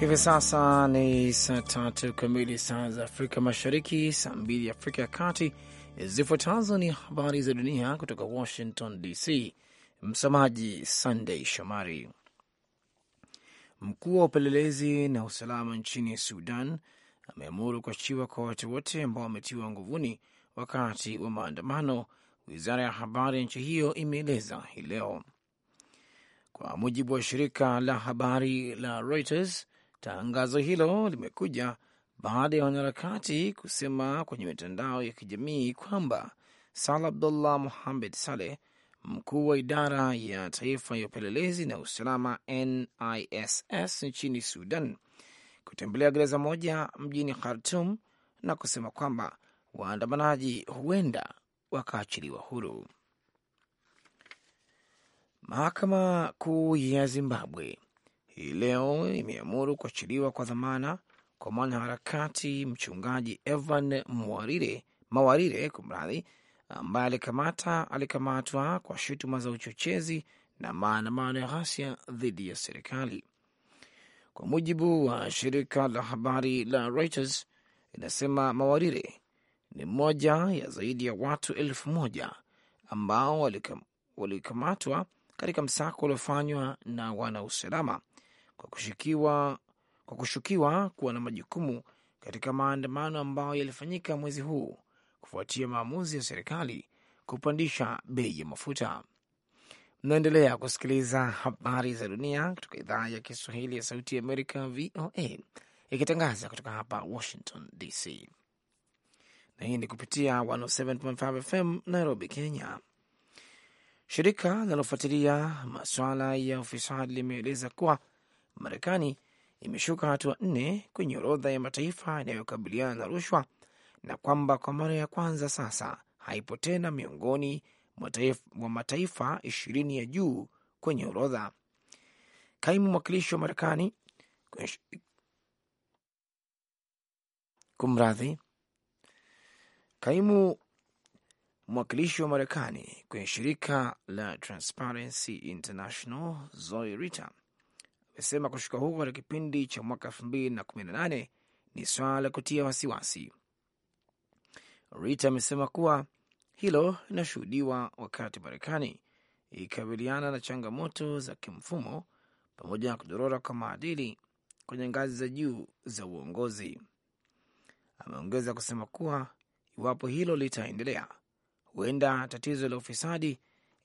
Hivi sasa ni saa tatu kamili saa za Afrika Mashariki, saa mbili Afrika ya Kati. Zifuatazo ni habari za dunia kutoka Washington DC. Msomaji Sandey Shomari. Mkuu wa upelelezi na usalama nchini Sudan ameamuru kuachiwa kwa watu wote ambao wametiwa nguvuni wakati wa maandamano, wizara ya habari ya nchi hiyo imeeleza hii leo, kwa mujibu wa shirika la habari la Reuters. Tangazo hilo limekuja baada ya wanaharakati kusema kwenye mitandao ya kijamii kwamba Salah Abdullah muhamed Saleh, mkuu wa idara ya taifa ya upelelezi na usalama NISS nchini Sudan, kutembelea gereza moja mjini Khartum na kusema kwamba waandamanaji huenda wakaachiliwa huru. Mahakama Kuu ya Zimbabwe hii leo imeamuru kuachiliwa kwa dhamana kwa mwanaharakati mchungaji Evan Mwarire, Mawarire kumradhi, ambaye alikamata alikamatwa kwa shutuma za uchochezi na maandamano ya ghasia dhidi ya serikali. Kwa mujibu wa shirika la habari la Reuters, inasema Mawarire ni mmoja ya zaidi ya watu elfu moja ambao walikamatwa katika msako uliofanywa na wanausalama kwa kushukiwa, kwa kushukiwa kuwa na majukumu katika maandamano ambayo yalifanyika mwezi huu kufuatia maamuzi ya serikali kupandisha bei ya mafuta. Mnaendelea kusikiliza habari za dunia kutoka idhaa ya Kiswahili ya Sauti ya Amerika, VOA, ikitangaza kutoka hapa Washington DC, na hii ni kupitia 107.5 FM Nairobi, Kenya. Shirika linalofuatilia masuala ya ufisadi limeeleza kuwa Marekani imeshuka hatua nne kwenye orodha ya mataifa yanayokabiliana na rushwa na kwamba kwa mara ya kwanza sasa haipo tena miongoni mwa mataifa ishirini ya juu kwenye orodha. Kaimu mwakilishi wa Marekani kwenye... kumradhi, kaimu mwakilishi wa Marekani kwenye shirika la Transparency International Zoe Ritter asema kushuka huko katika kipindi cha mwaka 2018 ni swala la kutia wasiwasi. Rita amesema kuwa hilo linashuhudiwa wakati Marekani ikikabiliana na changamoto za kimfumo pamoja na kudorora kwa maadili kwenye ngazi za juu za uongozi. Ameongeza kusema kuwa iwapo hilo litaendelea, huenda tatizo la ufisadi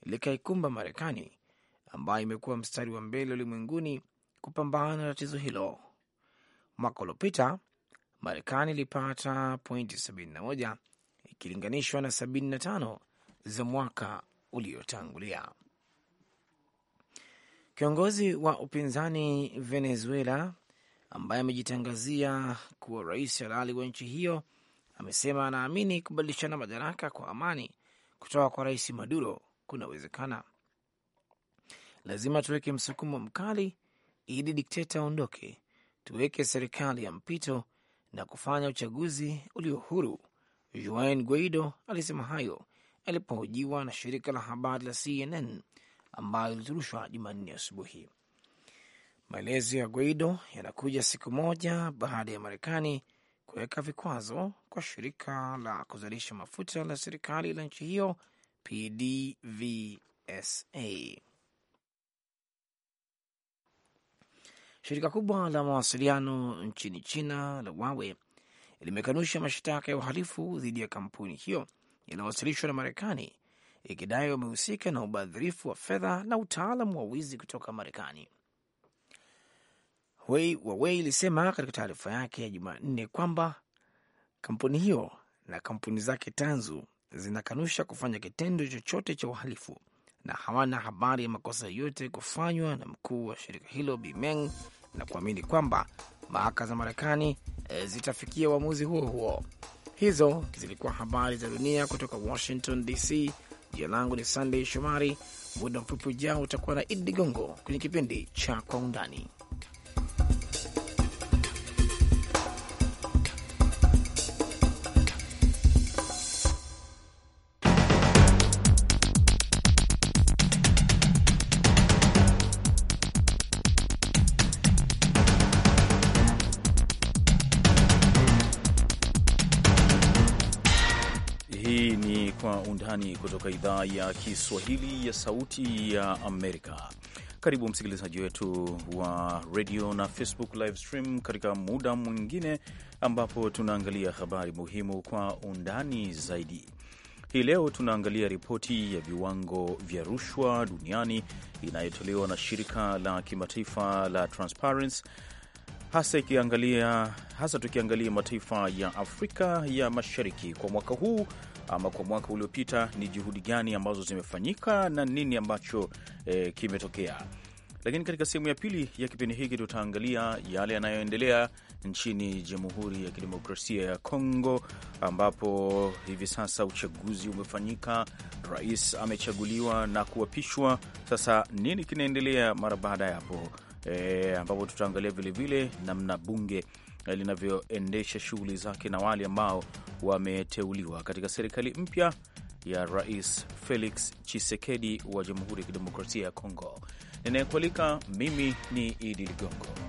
likaikumba Marekani ambayo imekuwa mstari wa mbele ulimwenguni kupambana na tatizo hilo. Mwaka uliopita Marekani ilipata pointi 71 ikilinganishwa na 75 za mwaka uliotangulia. Kiongozi wa upinzani Venezuela ambaye amejitangazia kuwa rais halali wa nchi hiyo amesema anaamini kubadilishana madaraka kwa amani kutoka kwa rais Maduro kunawezekana. Lazima tuweke msukumo mkali ili dikteta aondoke, tuweke serikali ya mpito na kufanya uchaguzi ulio huru. Juan Guaido alisema hayo alipohojiwa na shirika la habari la CNN ambayo iliturushwa Jumanne asubuhi. Maelezo ya Guaido yanakuja siku moja baada ya Marekani kuweka vikwazo kwa shirika la kuzalisha mafuta la serikali la nchi hiyo PDVSA. Shirika kubwa la mawasiliano nchini China la Huawei limekanusha mashtaka ya uhalifu dhidi ya kampuni hiyo yanayowasilishwa na Marekani, ikidai wamehusika na ubadhirifu wa fedha na utaalamu wa wizi kutoka Marekani. Huawei ilisema katika taarifa yake ya Jumanne kwamba kampuni hiyo na kampuni zake tanzu zinakanusha kufanya kitendo chochote cha uhalifu na hawana habari ya makosa yote kufanywa na mkuu wa shirika hilo Bimeng na kuamini kwamba mahakama za Marekani eh, zitafikia uamuzi huo huo. Hizo zilikuwa habari za dunia kutoka Washington DC. Jina langu ni Sandey Shomari. Muda mfupi ujao utakuwa na Idi Ligongo kwenye kipindi cha Kwa Undani. kutoka idhaa ya Kiswahili ya Sauti ya Amerika. Karibu msikilizaji wetu wa radio na Facebook live stream katika muda mwingine ambapo tunaangalia habari muhimu kwa undani zaidi. Hii leo tunaangalia ripoti ya viwango vya rushwa duniani inayotolewa na shirika la kimataifa la Transparency hasa ikiangalia hasa tukiangalia mataifa ya Afrika ya Mashariki kwa mwaka huu ama kwa mwaka uliopita, ni juhudi gani ambazo zimefanyika na nini ambacho e, kimetokea. Lakini katika sehemu ya pili ya kipindi hiki tutaangalia yale yanayoendelea nchini Jamhuri ya Kidemokrasia ya Kongo, ambapo hivi sasa uchaguzi umefanyika, rais amechaguliwa na kuapishwa. Sasa nini kinaendelea mara baada ya hapo? E, ambapo tutaangalia vilevile namna bunge linavyoendesha shughuli zake na wale ambao wameteuliwa katika serikali mpya ya Rais Felix Tshisekedi wa Jamhuri ya Kidemokrasia ya Kongo. Ninayekualika mimi ni Idi Ligongo.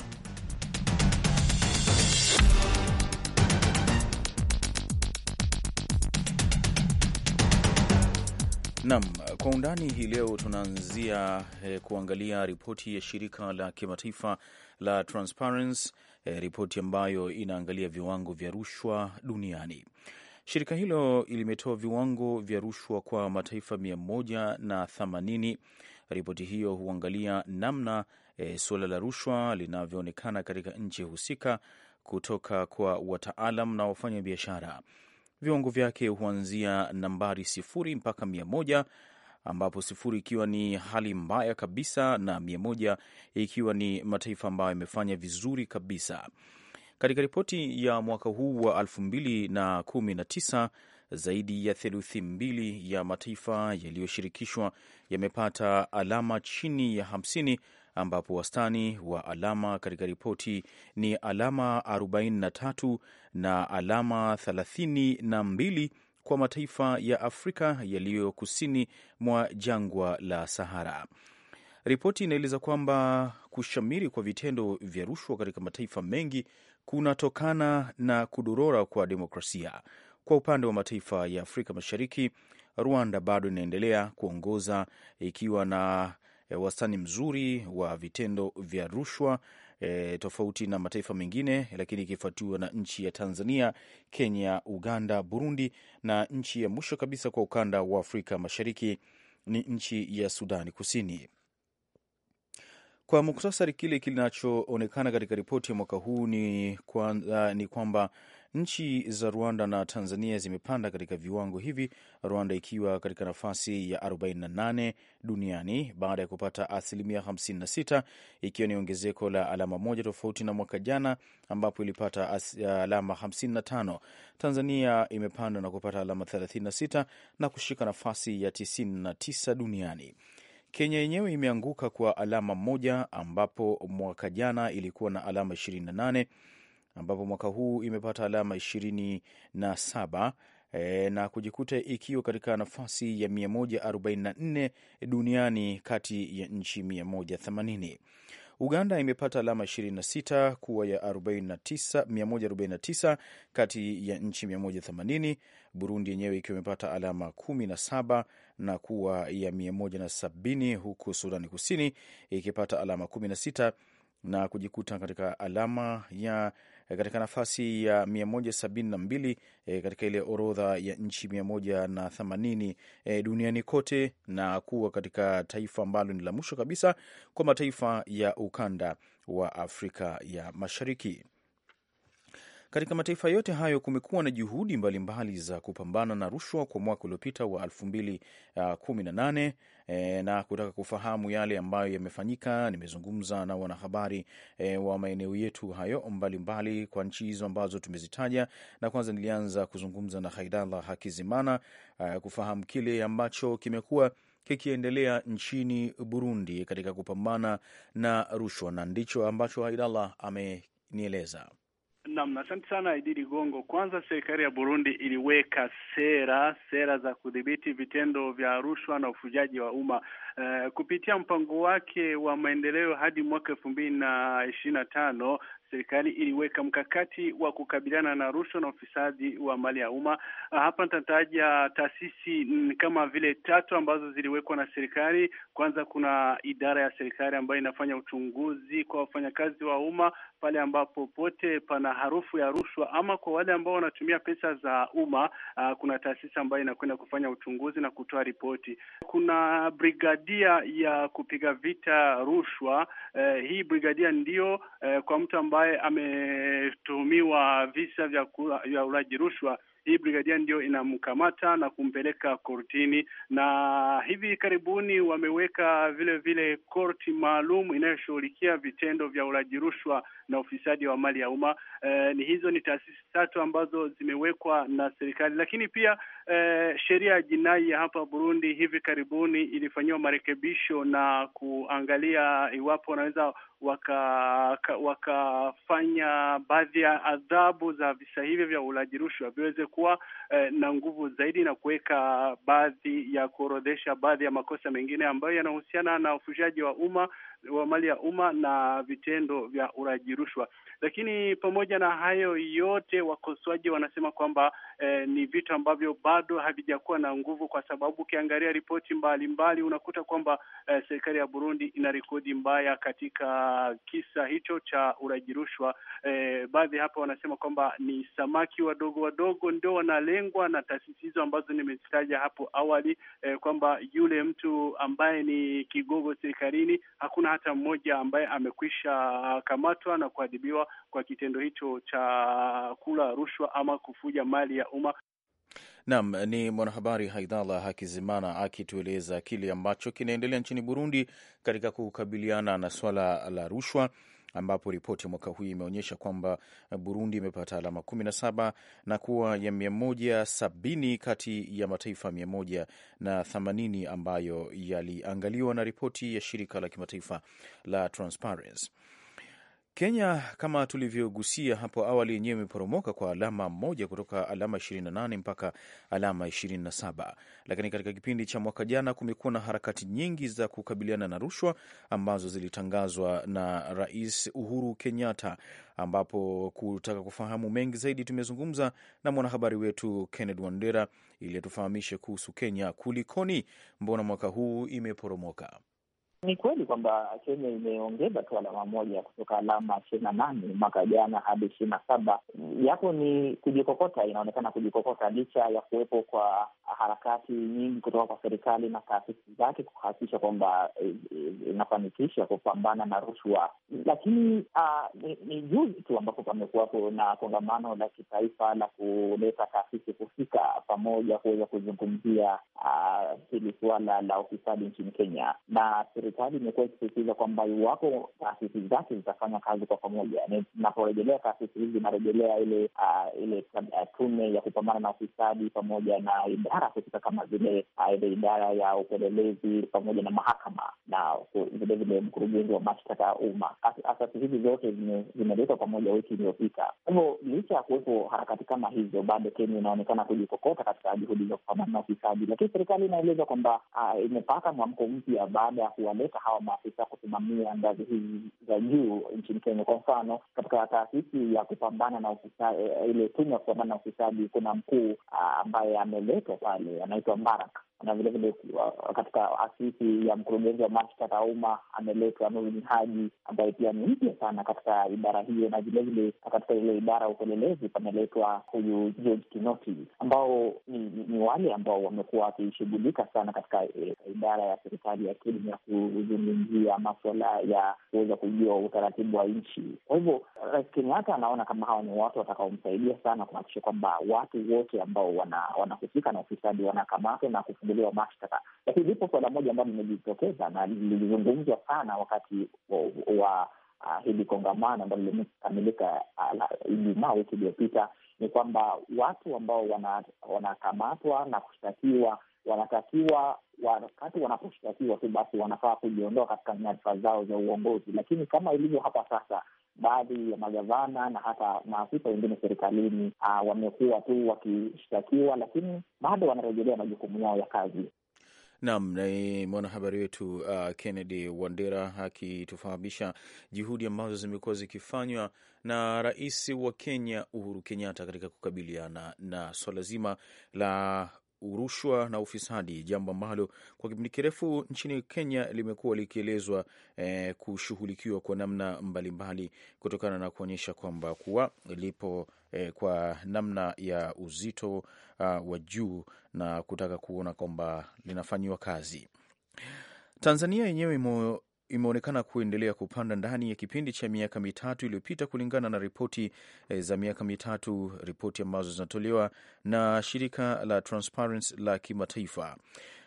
nam kwa undani hii leo tunaanzia eh, kuangalia ripoti ya shirika la kimataifa la Transparency eh, ripoti ambayo inaangalia viwango vya rushwa duniani. Shirika hilo limetoa viwango vya rushwa kwa mataifa mia moja na themanini. Ripoti hiyo huangalia namna eh, suala la rushwa linavyoonekana katika nchi husika kutoka kwa wataalam na wafanya biashara. Viwango vyake huanzia nambari sifuri mpaka mia moja ambapo sifuri ikiwa ni hali mbaya kabisa na mia moja ikiwa ni mataifa ambayo yamefanya vizuri kabisa. Katika ripoti ya mwaka huu wa tisa zaidi ya theluthi mbili ya mataifa yaliyoshirikishwa yamepata alama chini ya hamsini ambapo wastani wa alama katika ripoti ni alama 43 na alama 32 kwa mataifa ya Afrika yaliyo kusini mwa jangwa la Sahara. Ripoti inaeleza kwamba kushamiri kwa vitendo vya rushwa katika mataifa mengi kunatokana na kudorora kwa demokrasia. Kwa upande wa mataifa ya Afrika Mashariki, Rwanda bado inaendelea kuongoza ikiwa na e, wastani mzuri wa vitendo vya rushwa e, tofauti na mataifa mengine, lakini ikifuatiwa na nchi ya Tanzania, Kenya, Uganda, Burundi na nchi ya mwisho kabisa kwa ukanda wa Afrika Mashariki ni nchi ya Sudani Kusini. Kwa muktasari, kile kinachoonekana katika ripoti ya mwaka huu ni, kwa, uh, ni kwamba Nchi za Rwanda na Tanzania zimepanda katika viwango hivi, Rwanda ikiwa katika nafasi ya 48 duniani baada ya kupata asilimia 56, ikiwa ni ongezeko la alama moja tofauti na mwaka jana ambapo ilipata alama 55. Tanzania imepanda na kupata alama 36 na kushika nafasi ya 99 duniani. Kenya yenyewe imeanguka kwa alama moja ambapo mwaka jana ilikuwa na alama 28 ambapo mwaka huu imepata alama ishirini na saba e, na kujikuta ikiwa katika nafasi ya 144 duniani kati ya nchi 180. Uganda imepata alama 26 kuwa ya 49, 149 kati ya nchi 180. Burundi yenyewe ikiwa imepata alama 17 na kuwa ya 170, huku Sudani Kusini ikipata alama 16 na kujikuta katika alama ya Eh, katika nafasi ya 172 e, eh, katika ile orodha ya nchi 180 e, eh, duniani kote na kuwa katika taifa ambalo ni la mwisho kabisa kwa mataifa ya ukanda wa Afrika ya Mashariki. Katika mataifa yote hayo kumekuwa na juhudi mbalimbali mbali za kupambana na rushwa kwa mwaka uliopita wa 2018 uh, e, eh, na kutaka kufahamu yale ambayo yamefanyika, nimezungumza na wanahabari e, wa maeneo yetu hayo mbalimbali mbali kwa nchi hizo ambazo tumezitaja, na kwanza nilianza kuzungumza na Haidallah Hakizimana e, kufahamu kile ambacho kimekuwa kikiendelea nchini Burundi katika kupambana na rushwa, na ndicho ambacho Haidallah amenieleza. Naam, asante sana Idi Ligongo. Kwanza, serikali ya Burundi iliweka sera sera za kudhibiti vitendo vya rushwa na ufujaji wa umma uh, kupitia mpango wake wa maendeleo hadi mwaka elfu mbili na ishirini na tano serikali iliweka mkakati wa kukabiliana na rushwa na ufisadi wa mali ya umma. Ah, hapa nitataja taasisi kama vile tatu ambazo ziliwekwa na serikali. Kwanza kuna idara ya serikali ambayo inafanya uchunguzi kwa wafanyakazi wa umma pale ambapo pote pana harufu ya rushwa ama kwa wale ambao wanatumia pesa za umma. Ah, kuna taasisi ambayo inakwenda kufanya uchunguzi na kutoa ripoti. Kuna brigadia ya kupiga vita rushwa. Eh, hii brigadia ndio eh, kwa mtu ambaye ambaye ametuhumiwa visa vya, vya ulaji rushwa hii brigadia ndio inamkamata na kumpeleka kortini, na hivi karibuni wameweka vile vile korti maalum inayoshughulikia vitendo vya ulaji rushwa na ufisadi wa mali ya umma. E, ni hizo ni taasisi tatu ambazo zimewekwa na serikali, lakini pia e, sheria ya jinai ya hapa Burundi hivi karibuni ilifanyiwa marekebisho na kuangalia iwapo wanaweza wakafanya waka baadhi ya adhabu za visa hivyo vya ulaji rushwa viweze kuwa eh, na nguvu zaidi na kuweka baadhi ya kuorodhesha baadhi ya makosa mengine ambayo yanahusiana na ufushaji wa umma wa mali ya umma na vitendo vya uraji rushwa. Lakini pamoja na hayo yote, wakosoaji wanasema kwamba eh, ni vitu ambavyo bado havijakuwa na nguvu, kwa sababu ukiangalia ripoti mbalimbali unakuta kwamba eh, serikali ya Burundi ina rekodi mbaya katika kisa hicho cha uraji rushwa. Eh, baadhi hapa wanasema kwamba ni samaki wadogo wadogo ndio wanalengwa na taasisi hizo ambazo nimezitaja hapo awali, eh, kwamba yule mtu ambaye ni kigogo serikalini hakuna hata mmoja ambaye amekwisha kamatwa na kuadhibiwa kwa kitendo hicho cha kula rushwa ama kufuja mali ya umma. Naam, ni mwanahabari Haidhala Hakizimana akitueleza kile ambacho kinaendelea nchini Burundi katika kukabiliana na swala la rushwa ambapo ripoti ya mwaka huu imeonyesha kwamba Burundi imepata alama 17 na kuwa ya 170 kati ya mataifa 180 ambayo yaliangaliwa na ripoti ya shirika la kimataifa la Transparency. Kenya kama tulivyogusia hapo awali, yenyewe imeporomoka kwa alama moja kutoka alama 28 mpaka alama 27, lakini katika kipindi cha mwaka jana kumekuwa na harakati nyingi za kukabiliana na rushwa ambazo zilitangazwa na Rais Uhuru Kenyatta, ambapo kutaka kufahamu mengi zaidi tumezungumza na mwanahabari wetu Kenneth Wandera ili atufahamishe kuhusu Kenya kulikoni, mbona mwaka huu imeporomoka. Ni kweli kwamba Kenya imeongeza tu alama moja kutoka alama ishirini na nane mwaka jana hadi ishirini na saba yapo ni kujikokota, inaonekana kujikokota, licha ya kuwepo kwa harakati nyingi kutoka kwa serikali na taasisi zake kuhakikisha kwamba eh, eh, inafanikisha kupambana na rushwa. Lakini ah, ni juzi tu ambapo pamekuwapo na kongamano la kitaifa la kuleta taasisi husika pamoja kuweza kuzungumzia hili ah, uh, suala la ufisadi nchini Kenya, na serikali imekuwa ikisisitiza kwamba iwapo taasisi zake zitafanya kazi kwa pamoja, inaporejelea taasisi hizi inarejelea ile uh, ile uh, tume ya kupambana na ufisadi pamoja na idara husika kama vile uh, ile idara ya upelelezi pamoja na mahakama na vilevile mkurugenzi wa mashtaka ya umma. Asasi hizi zote zimeletwa pamoja wiki iliyopita. Kwa hivyo licha ya kuwepo harakati kama hizo, bado Kenya inaonekana kujikokota katika juhudi za kupambana na ufisadi, lakini serikali inaeleza kwamba uh, imepata mwamko mpya baada ya kuwaleta hawa maafisa kusimamia ngazi hizi za juu nchini Kenya. Kwa mfano, katika taasisi ya kupambana na ufisadi, eh, ile tume ya kupambana na ufisadi, kuna mkuu ah, ambaye ameletwa pale, anaitwa Mbarak na vilevile uh, katika afisi ya mkurugenzi wa mashtaka ya umma ameletwa Nurdin Haji ambaye pia ni mpya sana katika idara hiyo, na vilevile katika ile idara ya upelelezi pameletwa huyu George Kinoti ambao ni, ni, ni wale ambao wamekuwa wakishughulika sana katika e, idara ya serikali ya Kenya kuzungumzia maswala ya kuweza kujua utaratibu wa nchi. Kwa hivyo Rais Kenyatta anaona kama hawa ni watu watakaomsaidia sana kuhakikisha kwamba watu wote ambao wanahusika wana na ufisadi wanakamatwa na kufu kufunguliwa mashtaka. Lakini lipo suala moja ambalo limejitokeza na lilizungumzwa sana wakati wa uh, hili kongamano ambalo limekamilika uh, wiki iliyopita ni kwamba watu ambao wanakamatwa wana na kushtakiwa wanatakiwa wakati wanaposhtakiwa tu basi wanafaa kujiondoa katika nyadhifa zao za uongozi, lakini kama ilivyo hapa sasa baadhi ya magavana na hata maafisa wengine serikalini uh, wamekuwa tu wakishtakiwa, lakini bado wanarejelea majukumu yao ya kazi. Nam ni mwanahabari wetu uh, Kennedy Wandera akitufahamisha juhudi ambazo zimekuwa zikifanywa na rais wa Kenya Uhuru Kenyatta katika kukabiliana na, na swala zima la rushwa na ufisadi, jambo ambalo kwa kipindi kirefu nchini Kenya limekuwa likielezwa eh, kushughulikiwa kwa namna mbalimbali kutokana na kuonyesha kwamba kuwa lipo eh, kwa namna ya uzito uh, wa juu na kutaka kuona kwamba linafanyiwa kazi. Tanzania yenyewe imeonekana kuendelea kupanda ndani ya kipindi cha miaka mitatu iliyopita, kulingana na ripoti e, za miaka mitatu, ripoti ambazo zinatolewa na shirika la Transparency la kimataifa.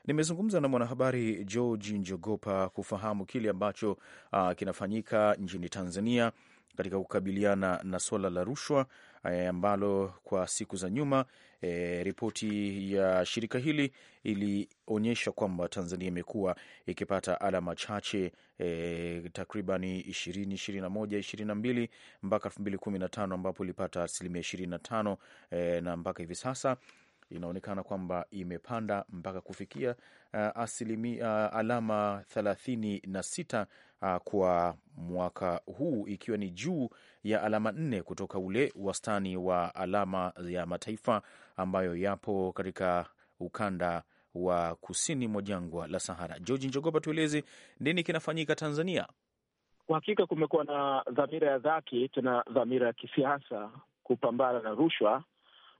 Nimezungumza na mwanahabari George Njogopa kufahamu kile ambacho a, ah, kinafanyika nchini Tanzania katika kukabiliana na suala la rushwa eh, ambalo kwa siku za nyuma E, ripoti ya shirika hili ilionyesha kwamba Tanzania imekuwa ikipata alama chache e, takribani 20, mpaka 2015 ambapo ilipata asilimia 25 e, na mpaka hivi sasa inaonekana kwamba imepanda mpaka kufikia uh, asilimi, uh, alama thelathini na sita uh, kwa mwaka huu ikiwa ni juu ya alama nne kutoka ule wastani wa alama ya mataifa ambayo yapo katika ukanda wa kusini mwa jangwa la Sahara. George Njogopa, tueleze nini kinafanyika Tanzania? Kwa hakika kumekuwa na dhamira ya dhati, tena dhamira ya kisiasa kupambana na rushwa,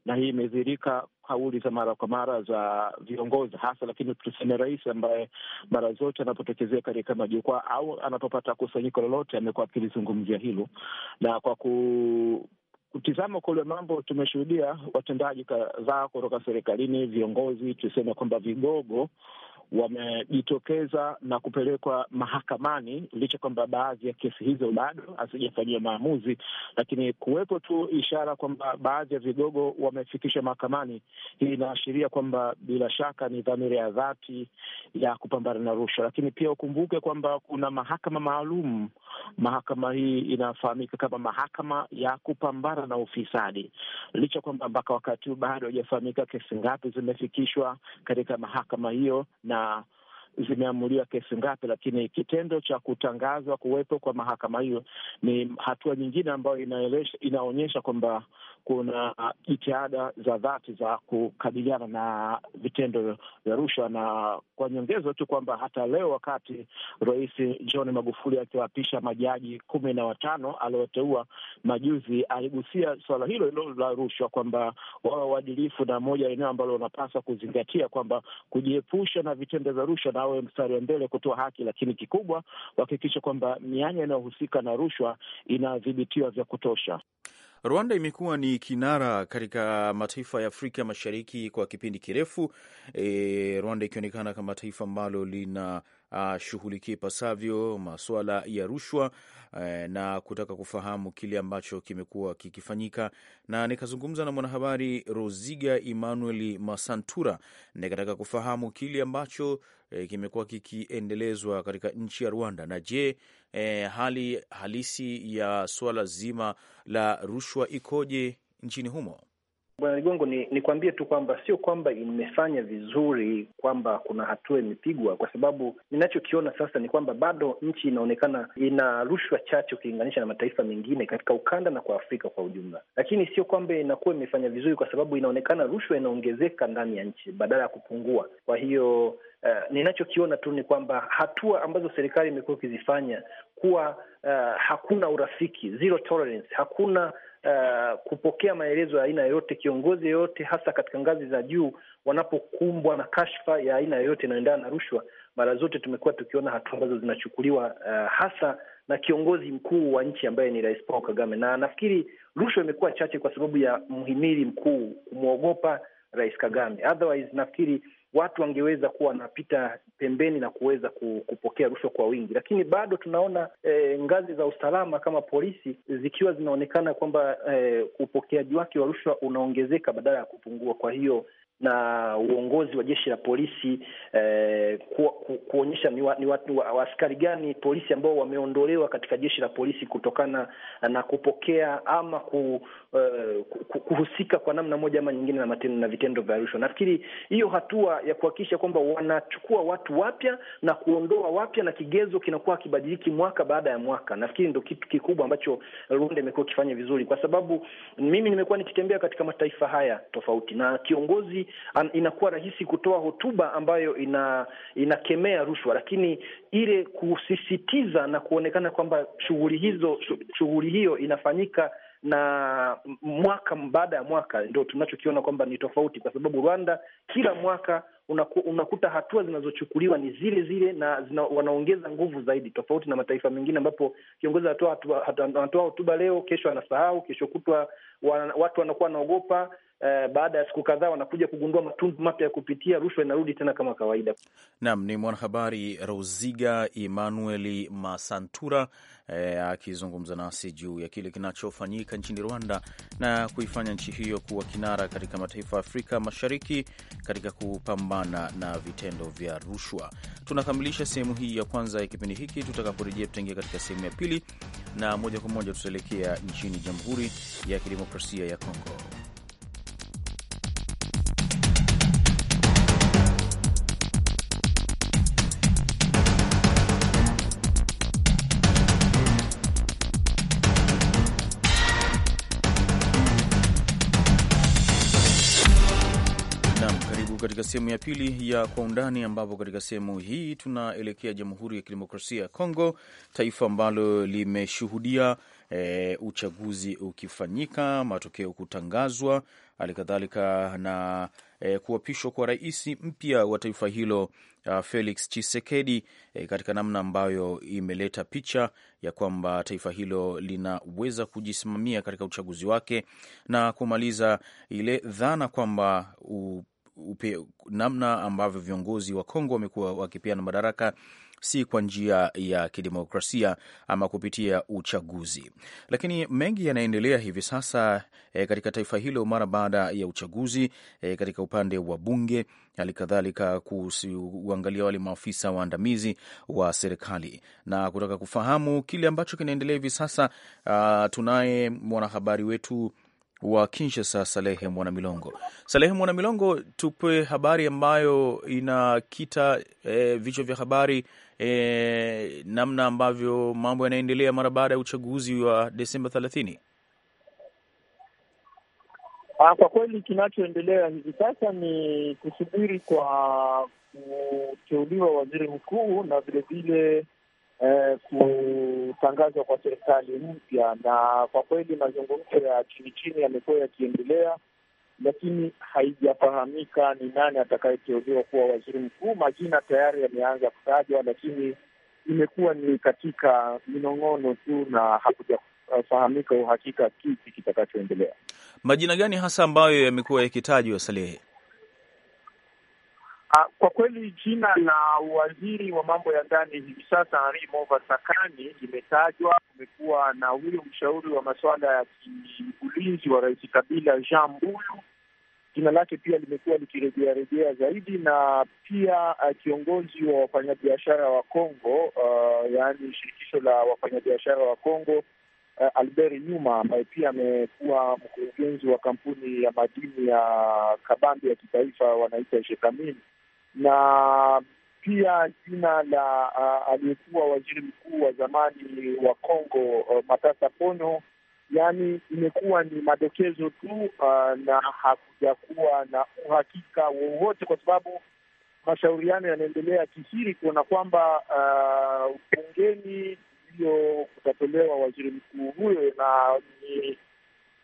na hii imedhirika kauli za mara kwa mara za viongozi hasa, lakini tuseme rais, ambaye mara zote anapotokezea katika majukwaa au anapopata kusanyiko lolote amekuwa akilizungumzia hilo, na kwa ku kutizama kwa ule mambo, tumeshuhudia watendaji kadhaa kutoka serikalini, viongozi, tuseme kwamba vigogo wamejitokeza na kupelekwa mahakamani, licha kwamba baadhi ya kesi hizo bado hazijafanyiwa maamuzi, lakini kuwepo tu ishara kwamba baadhi ya vigogo wamefikishwa mahakamani, hii inaashiria kwamba bila shaka ni dhamira ya dhati ya kupambana na rushwa. Lakini pia ukumbuke kwamba kuna mahakama maalum. Mahakama hii inafahamika kama mahakama ya kupambana na ufisadi, licha kwamba mpaka wakati huu bado haijafahamika kesi ngapi zimefikishwa katika mahakama hiyo na na zimeamuliwa kesi ngapi, lakini kitendo cha kutangazwa kuwepo kwa mahakama hiyo ni hatua nyingine ambayo inaonyesha kwamba kuna jitihada za dhati za kukabiliana na vitendo vya rushwa, na kwa nyongezo tu kwamba hata leo wakati Rais John Magufuli akiwaapisha majaji kumi na watano alioteua majuzi, aligusia suala hilo hilo la rushwa, kwamba wawe waadilifu, na moja eneo ambalo unapaswa kuzingatia kwamba kujiepusha na vitendo vya rushwa na awe mstari wa mbele kutoa haki, lakini kikubwa wahakikisha kwamba mianya inayohusika na rushwa inadhibitiwa vya kutosha. Rwanda imekuwa ni kinara katika mataifa ya Afrika Mashariki kwa kipindi kirefu, e, Rwanda ikionekana kama taifa ambalo lina ashughulikie ipasavyo masuala ya rushwa uh, na kutaka kufahamu kile ambacho kimekuwa kikifanyika, na nikazungumza na mwanahabari Roziga Emmanuel Masantura, nikataka kufahamu kile ambacho eh, kimekuwa kikiendelezwa katika nchi ya Rwanda, na je, eh, hali halisi ya suala zima la rushwa ikoje nchini humo? Bwana Ligongo, ni nikwambie tu kwamba sio kwamba imefanya vizuri, kwamba kuna hatua imepigwa, kwa sababu ninachokiona sasa ni kwamba bado nchi inaonekana ina rushwa chache ukilinganisha na mataifa mengine katika ukanda na kwa Afrika kwa ujumla, lakini sio kwamba inakuwa imefanya vizuri, kwa sababu inaonekana rushwa inaongezeka ndani ya nchi badala ya kupungua. Kwa hiyo uh, ninachokiona tu ni kwamba hatua ambazo serikali imekuwa ikizifanya kuwa uh, hakuna urafiki, zero tolerance, hakuna uh, kupokea maelezo ya aina yoyote, kiongozi yoyote, hasa katika ngazi za juu, wanapokumbwa na kashfa ya aina yoyote inayoendana na rushwa, mara zote tumekuwa tukiona hatua ambazo zinachukuliwa uh, hasa na kiongozi mkuu wa nchi ambaye ni Rais Paul Kagame, na nafikiri rushwa imekuwa chache kwa sababu ya mhimili mkuu kumwogopa Rais Kagame. Otherwise nafikiri watu wangeweza kuwa wanapita pembeni na kuweza kupokea rushwa kwa wingi, lakini bado tunaona e, ngazi za usalama kama polisi zikiwa zinaonekana kwamba e, upokeaji wake wa rushwa unaongezeka badala ya kupungua. Kwa hiyo na uongozi wa jeshi la polisi eh, ku, ku, kuonyesha ni, wa, ni watu wa, askari gani polisi ambao wameondolewa katika jeshi la polisi kutokana na kupokea ama ku, eh, kuhusika kwa namna moja ama nyingine na matendo na vitendo vya rushwa. Nafikiri hiyo hatua ya kuhakikisha kwamba wanachukua watu wapya na kuondoa wapya na kigezo kinakuwa kibadiliki mwaka baada ya mwaka, nafikiri ndo kitu kikubwa ambacho Rwanda imekuwa ikifanya vizuri, kwa sababu mimi nimekuwa nikitembea katika mataifa haya tofauti na kiongozi an, inakuwa rahisi kutoa hotuba ambayo ina, inakemea rushwa, lakini ile kusisitiza na kuonekana kwamba shughuli hizo shughuli hiyo inafanyika na mwaka baada ya mwaka, ndo tunachokiona kwamba ni tofauti, kwa sababu Rwanda kila mwaka unaku, unakuta hatua zinazochukuliwa ni zile zile na zina, wanaongeza nguvu zaidi, tofauti na mataifa mengine ambapo kiongozi anatoa hotuba leo, kesho anasahau, kesho kutwa wan, watu wanakuwa wanaogopa. Uh, baada ya siku kadhaa wanakuja kugundua matundu mapya ya kupitia, rushwa inarudi tena kama kawaida. Naam, ni mwanahabari Roziga Emmanuel Masantura eh, akizungumza nasi juu ya kile kinachofanyika nchini Rwanda na kuifanya nchi hiyo kuwa kinara katika mataifa ya Afrika Mashariki katika kupamba kupambana na vitendo vya rushwa. Tunakamilisha sehemu hii ya kwanza ya kipindi hiki. Tutakaporejea tutaingia katika sehemu ya pili, na moja kwa moja tutaelekea nchini Jamhuri ya Kidemokrasia ya Kongo. katika sehemu ya pili ya Kwa Undani, ambapo katika sehemu hii tunaelekea Jamhuri ya Kidemokrasia ya Kongo, taifa ambalo limeshuhudia e, uchaguzi ukifanyika, matokeo kutangazwa, hali kadhalika na e, kuapishwa kwa rais mpya wa taifa hilo a, ah, Felix Chisekedi e, eh, katika namna ambayo imeleta picha ya kwamba taifa hilo linaweza kujisimamia katika uchaguzi wake na kumaliza ile dhana kwamba u upe, namna ambavyo viongozi wa Kongo wamekuwa wakipeana madaraka si kwa njia ya kidemokrasia ama kupitia uchaguzi, lakini mengi yanaendelea hivi sasa e, katika taifa hilo mara baada ya uchaguzi e, katika upande wa bunge, hali kadhalika kuangalia wale maafisa waandamizi wa serikali na kutaka kufahamu kile ambacho kinaendelea hivi sasa. Ah, tunaye mwanahabari wetu wa Kinshasa, Salehe Mwanamilongo. Salehe Mwanamilongo, tupe habari ambayo inakita e, vichwa vya habari e, namna ambavyo mambo yanaendelea mara baada ya uchaguzi wa Desemba thelathini. Ah, kwa kweli kinachoendelea hivi sasa ni kusubiri kwa kuteuliwa waziri mkuu na vilevile eh, kutangazwa kwa serikali mpya, na kwa kweli mazungumzo ya chini chini yamekuwa yakiendelea, lakini haijafahamika ni nani atakayeteuliwa kuwa waziri mkuu. Majina tayari yameanza kutajwa, lakini imekuwa ni katika minong'ono tu na hakujafahamika uhakika kipi kitakachoendelea. Majina gani hasa ambayo yamekuwa yakitajwa, Salehe? Ah, kwa kweli jina la waziri wa mambo ya ndani hivi sasa Henri Mova Sakani limetajwa. Kumekuwa na huyo mshauri wa masuala ya kiulinzi wa Rais Kabila Jean Mbulu, jina lake pia limekuwa likirejea rejea zaidi, na pia ah, kiongozi wa wafanyabiashara wa Kongo uh, yaani shirikisho la wafanyabiashara wa Kongo uh, Albert Nyuma ambaye pia amekuwa mkurugenzi wa kampuni ya madini ya kabambi ya kitaifa wanaita Shekamini na pia jina la uh, aliyekuwa waziri mkuu wa zamani wa Kongo uh, Matata Ponyo. yani imekuwa ni madokezo tu uh, na hakujakuwa na uhakika wowote, kwa sababu mashauriano yanaendelea kisiri kuona kwamba uh, bungeni ndio kutatolewa waziri mkuu huyo, na ni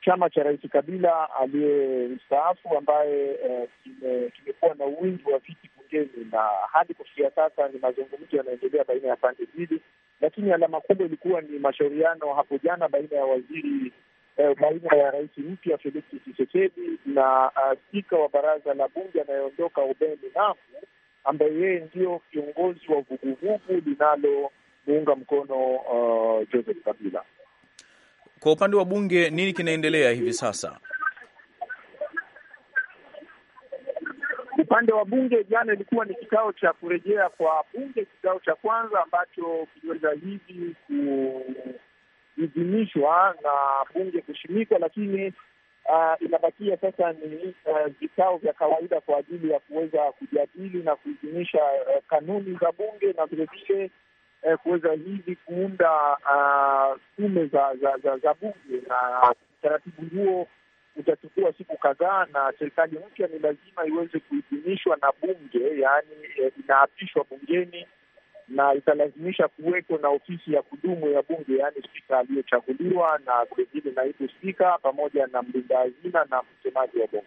chama cha Rais Kabila aliye mstaafu ambaye eh, kimekuwa na uwingi wa viti bungeni, na hadi kufikia sasa ni mazungumzo yanaendelea baina ya pande mbili, lakini alama kubwa ilikuwa ni mashauriano hapo jana baina ya waziri eh, baina ya rais mpya Felix Tshisekedi na uh, spika wa baraza la bunge anayeondoka Aubin Minaku ambaye yeye ndio kiongozi wa vuguvugu linalomuunga mkono uh, Joseph Kabila. Kwa upande wa bunge, nini kinaendelea hivi sasa? Upande wa bunge, jana ilikuwa ni kikao cha kurejea kwa bunge, kikao cha kwanza ambacho kiliweza hivi kuidhinishwa na bunge kushimika, lakini Uh, inabakia sasa ni ah, vikao uh, vya kawaida kwa ajili ya kuweza kujadili na kuidhinisha uh, kanuni za bunge na vilevile eh, kuweza hivi kuunda ah, tume uh, za, za, za, za bunge na utaratibu huo utachukua siku kadhaa, na serikali mpya ni lazima iweze kuidhinishwa na bunge, yaani eh, inaapishwa bungeni na italazimisha kuweko na ofisi ya kudumu ya bunge, yaani spika aliyochaguliwa na vilevile naibu spika pamoja na mlinda hazina na msemaji wa bunge.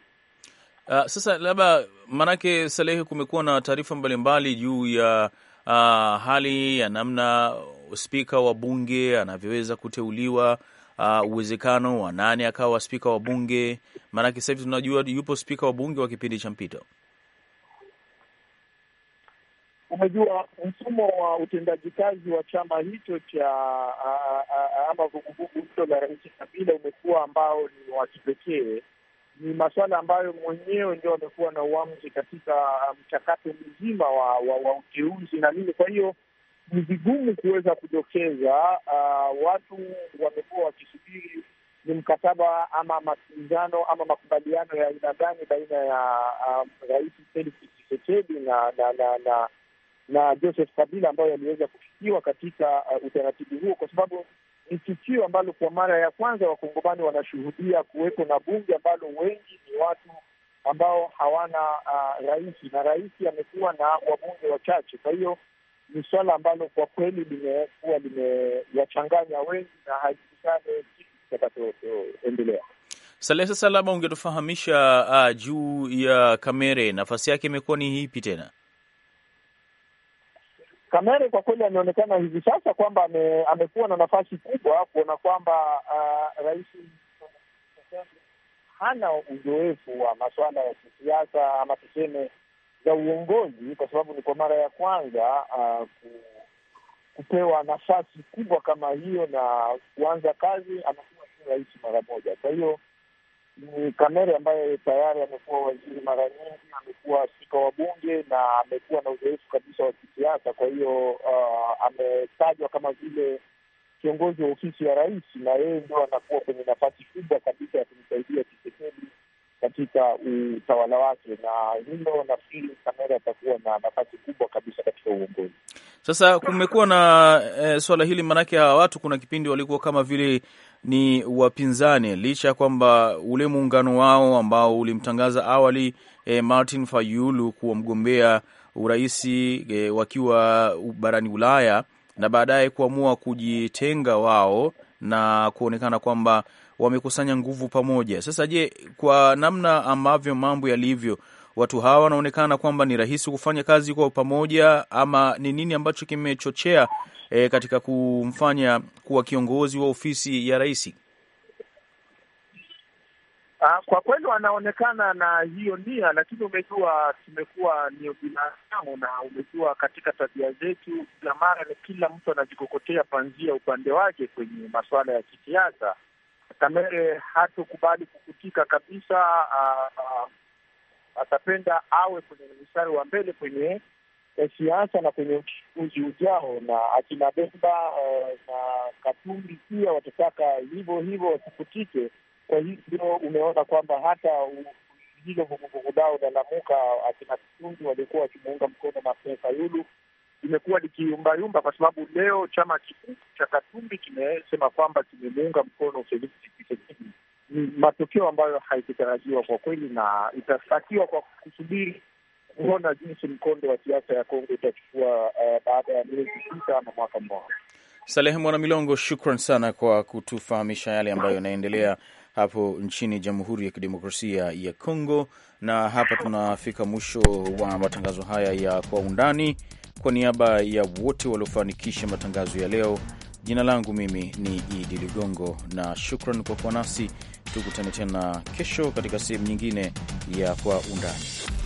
Uh, sasa labda maanake Salehe, kumekuwa na taarifa mbalimbali juu ya uh, hali ya namna spika wa bunge anavyoweza kuteuliwa uh, uwezekano wa nane akawa spika wa bunge, maanake sasa hivi tunajua yupo spika wa bunge wa kipindi cha mpito. Umejua mfumo wa utendaji kazi wa chama hicho cha ah, ama vuguvugu hilo la Rais Kabila umekuwa ambao ni wa kipekee ni masuala ambayo mwenyewe ndio amekuwa na uamuzi katika uh, mchakato mzima wa, wa, wa uteuzi na nini. Kwa hiyo ni vigumu kuweza kudokeza. Uh, watu wamekuwa wakisubiri ni mkataba ama masikilizano ama makubaliano ya aina gani baina ya um, Rais Felix Tshisekedi na na, na na na Joseph Kabila ambayo yaliweza kufikiwa katika uh, utaratibu huo, kwa sababu ni tukio ambalo kwa mara ya kwanza wakongomani wanashuhudia kuweko na bunge ambalo wengi ni watu ambao hawana uh, rais na rais amekuwa na wabunge wachache. Kwa hiyo ni suala ambalo kwa kweli limekuwa limewachanganya wengi na haijulikane kitu kitakachoendelea. Salehe, sasa labda ungetufahamisha uh, juu ya Kamere, nafasi yake imekuwa ni hipi tena? Kamere kwa kweli ameonekana hivi sasa kwamba ame, amekuwa na nafasi kubwa kuona kwamba uh, rais hana uzoefu wa masuala ya kisiasa ama tuseme za uongozi, kwa sababu ni kwa mara ya kwanza uh, kupewa nafasi kubwa kama hiyo na kuanza kazi, anakuwa si rais mara moja. Kwa hiyo ni Kamere ambaye tayari amekuwa waziri mara nyingi, amekuwa spika wa bunge na amekuwa na uzoefu kabisa wa kisiasa. Kwa hiyo uh, ametajwa kama vile kiongozi wa ofisi ya rais, na yeye ndio anakuwa kwenye nafasi kubwa kabisa ya kumsaidia Tshisekedi katika utawala wake, na hilo nafikiri Kamere atakuwa na nafasi kubwa kabisa katika uongozi. Sasa kumekuwa na e, swala hili maanake hawa watu kuna kipindi walikuwa kama vile ni wapinzani, licha ya kwamba ule muungano wao ambao ulimtangaza awali e, Martin Fayulu kuwa mgombea uraisi e, eh, wakiwa barani Ulaya na baadaye kuamua kujitenga wao na kuonekana kwamba wamekusanya nguvu pamoja. Sasa je, kwa namna ambavyo mambo yalivyo, watu hawa wanaonekana kwamba ni rahisi kufanya kazi kwa pamoja, ama ni nini ambacho kimechochea e, katika kumfanya kuwa kiongozi wa ofisi ya rais? Ah, kwa kweli wanaonekana na hiyo nia, lakini umejua, tumekuwa ni binadamu na umejua, katika tabia zetu kila mara ni kila mtu anajikokotea panzia upande wake kwenye masuala ya kisiasa. Kamere hatokubali kukutika kabisa, ah, ah, atapenda awe kwenye mstari wa mbele kwenye siasa na kwenye uchaguzi ujao, na akina Bemba uh, eh, na Katumbi pia watataka hivyo hivyo wasifutike. Kwa hivyo umeona kwamba hata hilo vuguvugu lao la Lamuka, akina Katumbi waliokuwa wakimuunga mkono Martin Fayulu imekuwa likiyumbayumba kwa sababu leo chama kikuu cha Katumbi kimesema kwamba kimemuunga mkono Felix Tshisekedi. Ni matokeo ambayo haikutarajiwa kwa kweli, na itatakiwa kwa kusubiri kuona jinsi mkondo wa siasa ya Kongo utachukua uh, baada ya miezi sita ama mwaka mmoja. Salehe milongo shukran sana kwa kutufahamisha yale ambayo yanaendelea hapo nchini Jamhuri ya Kidemokrasia ya Kongo. Na hapa tunafika mwisho wa matangazo haya ya Kwa Undani. Kwa niaba ya wote waliofanikisha matangazo ya leo, jina langu mimi ni Idi Ligongo na shukran kwa kuwa nasi. Tukutane tena kesho katika sehemu nyingine ya Kwa Undani.